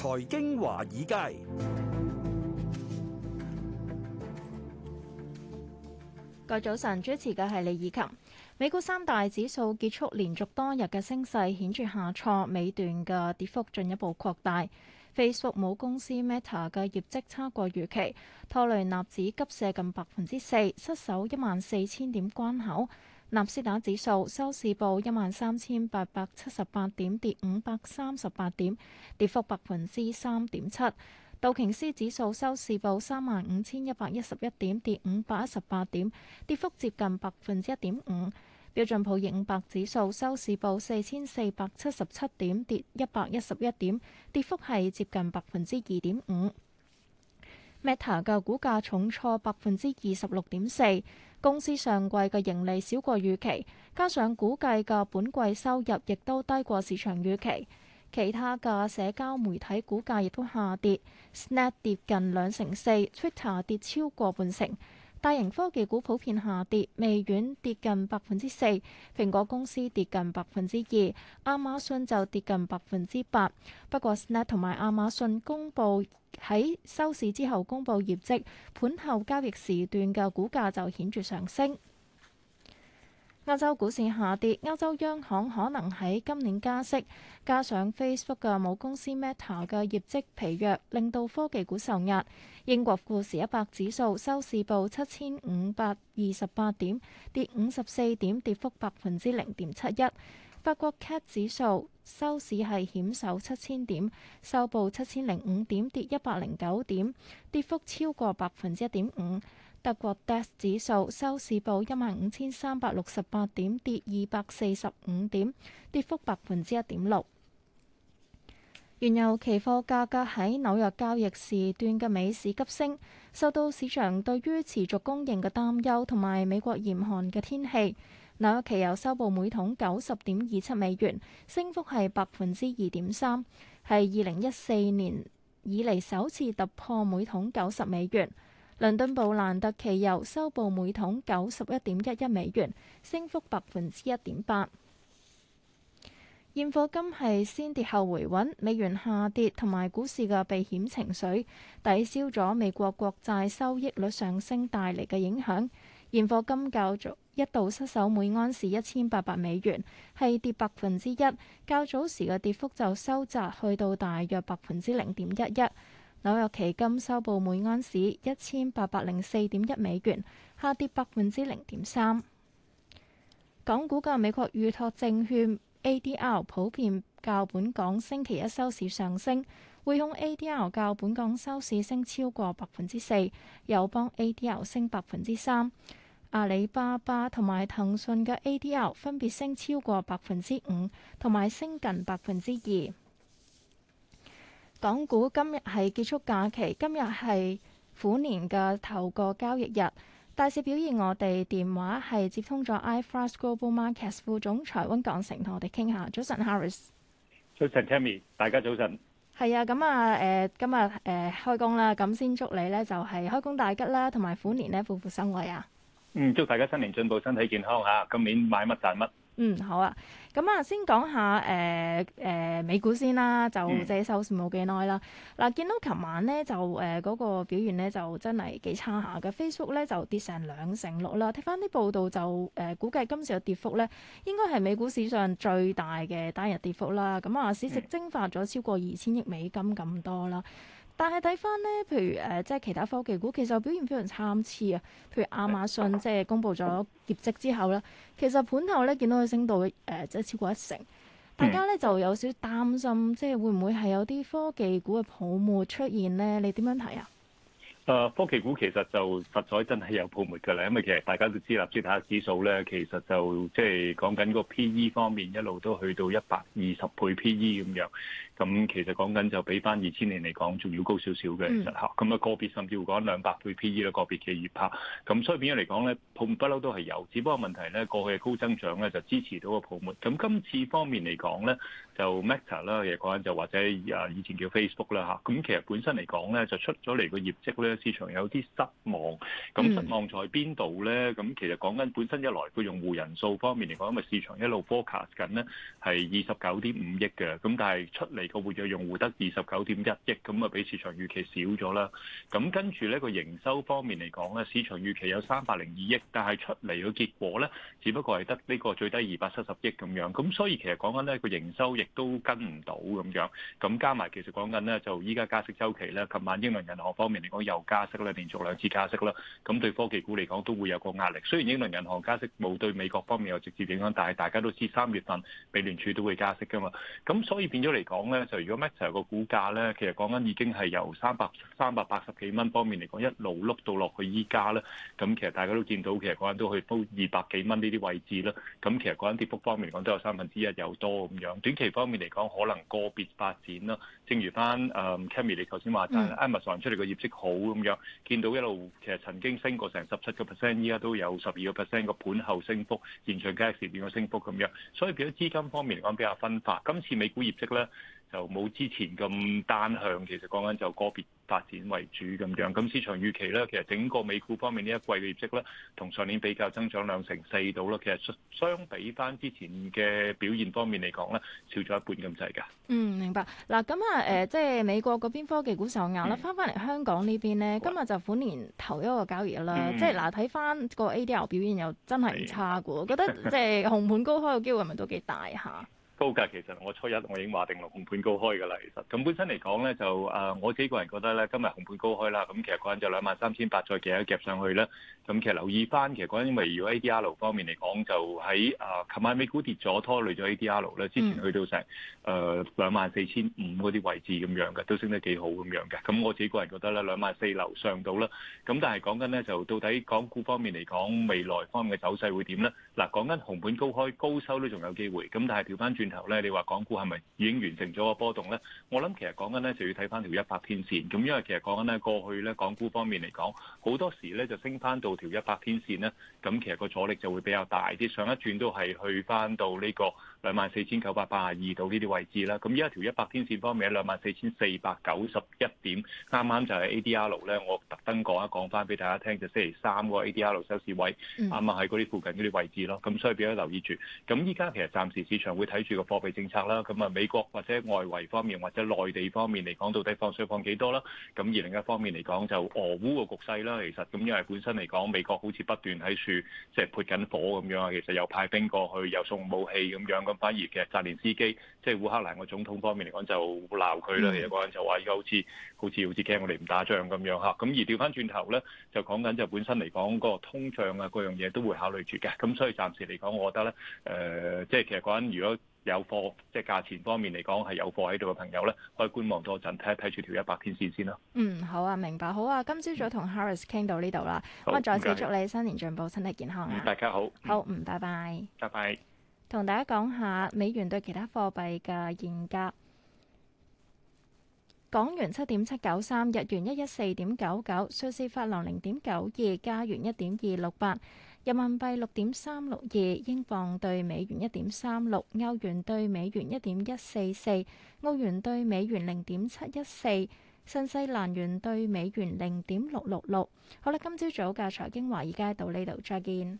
財經華爾街，各位早晨，主持嘅係李以琴。美股三大指數結束連續多日嘅升勢，顯著下挫，尾段嘅跌幅進一步擴大。Facebook 母公司 Meta 嘅業績差過預期，拖累納指急瀉近百分之四，失守一萬四千點關口。納斯達指數收市報一萬三千八百七十八點，跌五百三十八點，跌幅百分之三點七。道瓊斯指數收市報三萬五千一百一十一點，跌五百一十八點，跌幅接近百分之一點五。標準普爾五百指數收市報四千四百七十七點，跌一百一十一點，跌幅係接近百分之二點五。Meta 嘅股價重挫百分之二十六點四。公司上季嘅盈利少過預期，加上估計嘅本季收入亦都低過市場預期，其他嘅社交媒體股價亦都下跌，Snap 跌近兩成四，Twitter 跌超過半成。大型科技股普遍下跌，微軟跌近百分之四，蘋果公司跌近百分之二，亞馬遜就跌近百分之八。不過，Snap 同埋亞馬遜公佈喺收市之後公布業績，盤後交易時段嘅股價就顯著上升。亞洲股市下跌，歐洲央行可能喺今年加息，加上 Facebook 嘅母公司 Meta 嘅業績疲弱，令到科技股受壓。英國富時一百指數收市報七千五百二十八點，跌五十四點，跌幅百分之零點七一。法國 CAC 指數收市係險守七千點，收報七千零五點，跌一百零九點，跌幅超過百分之一點五。德國 DAX 指數收市報一萬五千三百六十八點，跌二百四十五點，跌幅百分之一點六。原油期貨價格喺紐約交易時段嘅美市急升，受到市場對於持續供應嘅擔憂同埋美國嚴寒嘅天氣。紐約期油收報每桶九十點二七美元，升幅係百分之二點三，係二零一四年以嚟首次突破每桶九十美元。倫敦布蘭特期油收報每桶九十一點一一美元，升幅百分之一點八。現貨金係先跌後回穩，美元下跌同埋股市嘅避險情緒，抵消咗美國國債收益率上升帶嚟嘅影響。現貨金較早一度失守每安士一千八百美元，係跌百分之一。較早時嘅跌幅就收窄，去到大約百分之零點一一。紐約期金收報每安士一千八百零四點一美元，下跌百分之零點三。港股嘅美國預託證券 ADR 普遍較本港星期一收市上升，匯控 ADR 較本港收市升超過百分之四，友邦 ADR 升百分之三，阿里巴巴同埋騰訊嘅 ADR 分別升超過百分之五同埋升近百分之二。港股今日係結束假期，今日係虎年嘅頭個交易日，大市表現。我哋電話係接通咗 i f r s t Global Markets 副總裁温港成，同我哋傾下。早晨，Harris。早晨，Tammy，大家早晨。係啊，咁啊，誒、呃，今日誒、呃、開工啦，咁先祝你咧，就係、是、開工大吉啦，同埋虎年咧，虎虎生威啊！嗯，祝大家新年進步，身體健康嚇、啊，今年買乜賺乜。嗯，好啊。咁啊，先講下誒誒、呃呃、美股先啦，就借收線冇幾耐啦。嗱、嗯，見到琴晚呢，就誒嗰、呃那個表現呢，就真係幾差下嘅。Facebook 咧就跌成兩成六啦。睇翻啲報道就誒、呃，估計今次嘅跌幅呢，應該係美股史上最大嘅單日跌幅啦。咁啊，市值蒸發咗超過二千億美金咁多啦。嗯、但係睇翻呢，譬如誒、呃、即係其他科技股，其實表現非常參差啊。譬如亞馬遜 即係公布咗業績之後咧，其實盤後呢，見到佢升到誒，呃呃都超過一成，大家呢就有少少擔心，即係會唔會係有啲科技股嘅泡沫出現呢？你點樣睇啊？誒科技股其實就實在真係有泡沫㗎啦，因為其實大家都知納斯達克指數咧，其實就即係講緊個 P/E 方面一路都去到一百二十倍 P/E 咁樣，咁其實講緊就比翻二千年嚟講仲要高少少嘅，其實嚇。咁、那、啊個別甚至會講兩百倍 P/E 嘅個別嘅熱拍，咁所以變咗嚟講咧泡沫不嬲都係有，只不過問題咧過去嘅高增長咧就支持到個泡沫。咁今次方面嚟講咧，就 Meta 啦，其實講緊就或者啊以前叫 Facebook 啦吓，咁其實本身嚟講咧就出咗嚟個業績咧。市場有啲失望，咁失望在邊度呢？咁其實講緊本身一來個用戶人數方面嚟講，咁啊市場一路 forecast 緊呢係二十九點五億嘅，咁但係出嚟個活躍用戶得二十九點一億，咁啊比市場預期少咗啦。咁跟住呢個營收方面嚟講呢，市場預期有三百零二億，但係出嚟個結果呢，只不過係得呢個最低二百七十億咁樣。咁所以其實講緊呢個營收亦都跟唔到咁樣。咁加埋其實講緊呢就依家加息週期呢，琴晚英倫銀行方面嚟講又。加息啦，連續兩次加息啦，咁對科技股嚟講都會有個壓力。雖然英倫銀行加息冇對美國方面有直接影響，但係大家都知三月份美聯儲都會加息㗎嘛。咁所以變咗嚟講咧，就如果 Meta 個股價咧，其實講緊已經係由三百三百八十幾蚊方面嚟講一路碌到落去依家啦。咁其實大家都見到，其實講緊都去到二百幾蚊呢啲位置啦。咁其實講緊跌幅方面嚟講都有三分之一有多咁樣。短期方面嚟講，可能個別發展啦。正如翻誒 Cammy 你頭先話齋 Amazon 出嚟個業績好。咁樣見到一路其實曾經升過成十七個 percent，依家都有十二個 percent 個盤後升幅，延長交易時段嘅升幅咁樣，所以變咗資金方面嚟講比較分散。今次美股業績咧就冇之前咁單向，其實講緊就個別發展為主咁樣，咁市場預期咧，其實整個美股方面呢一季嘅業績咧，同上年比較增長兩成四度啦。其實相比翻之前嘅表現方面嚟講咧，少咗一半咁滯㗎。嗯，明白。嗱，咁啊，誒，即係美國嗰邊科技股受壓啦。翻返嚟香港呢邊咧，今日就本年頭一個交易啦。嗯、即係嗱，睇翻個 ADR 表現又真係唔差嘅喎。我的覺得即係紅盤高開嘅機會係咪都幾大下？ 高價其實我初一我已經話定啦，紅盤高開嘅啦，其實咁本身嚟講咧，就誒我自己個人覺得咧，今日紅盤高開啦，咁其實嗰陣就兩萬三千八再夾一夾上去啦。咁其實留意翻，其實嗰陣因為如果 ADR 方面嚟講就喺誒琴晚美股跌咗拖累咗 ADR 咧，之前去到成誒兩萬四千五嗰啲位置咁樣嘅，都升得幾好咁樣嘅，咁我自己個人覺得咧，兩萬四樓上到啦，咁但係講緊咧，就到底港股方面嚟講未來方面嘅走勢會點咧？嗱，講緊紅盤高開高收都仲有機會，咁但係調翻轉。頭咧，你話港股係咪已經完成咗個波動咧？我諗其實講緊咧就要睇翻條一百天線，咁因為其實講緊咧過去咧港股方面嚟講，好多時咧就升翻到條一百天線咧，咁其實個阻力就會比較大啲。上一轉都係去翻到呢個兩萬四千九百八十二度呢啲位置啦。咁而家條一百天線方面咧，兩萬四千四百九十一點，啱啱就係 ADR 路咧，我特登講一講翻俾大家聽，就星期三個 ADR 路收市位啱啱喺嗰啲附近嗰啲位置咯。咁所以俾大家留意住。咁依家其實暫時市場會睇住。個貨幣政策啦，咁啊美國或者外圍方面或者內地方面嚟講，到底放水放幾多啦？咁而另一方面嚟講，就俄烏個局勢啦，其實咁因為本身嚟講，美國好似不斷喺處即係撥緊火咁樣啊，其實又派兵過去，又送武器咁樣，咁反而其實澤連斯基即係、就是、烏克蘭個總統方面嚟講就鬧佢啦，嗯、其實嗰陣就話依家好似好似好似驚我哋唔打仗咁樣嚇，咁而調翻轉頭咧就講緊就本身嚟講嗰個通脹啊嗰樣嘢都會考慮住嘅，咁所以暫時嚟講，我覺得咧誒，即、呃、係其實嗰陣如果有貨，即係價錢方面嚟講係有貨喺度嘅朋友咧，可以觀望多陣，睇一睇住條一百天線先啦。嗯，好啊，明白，好啊。今朝早同 Harris 傾、嗯、到呢度啦，咁啊好，我再次祝你新年進步，身體健康、嗯、大家好，好，嗯，拜拜，拜拜。同大家講下美元對其他貨幣嘅現價。港元七點七九三，日元一一四點九九，瑞士法郎零點九二，加元一點二六八，人民幣六點三六二，英鎊對美元一點三六，歐元對美元一點一四四，澳元對美元零點七一四，新西蘭元對美元零點六六六。好啦，今朝早嘅財經華爾街到呢度，再見。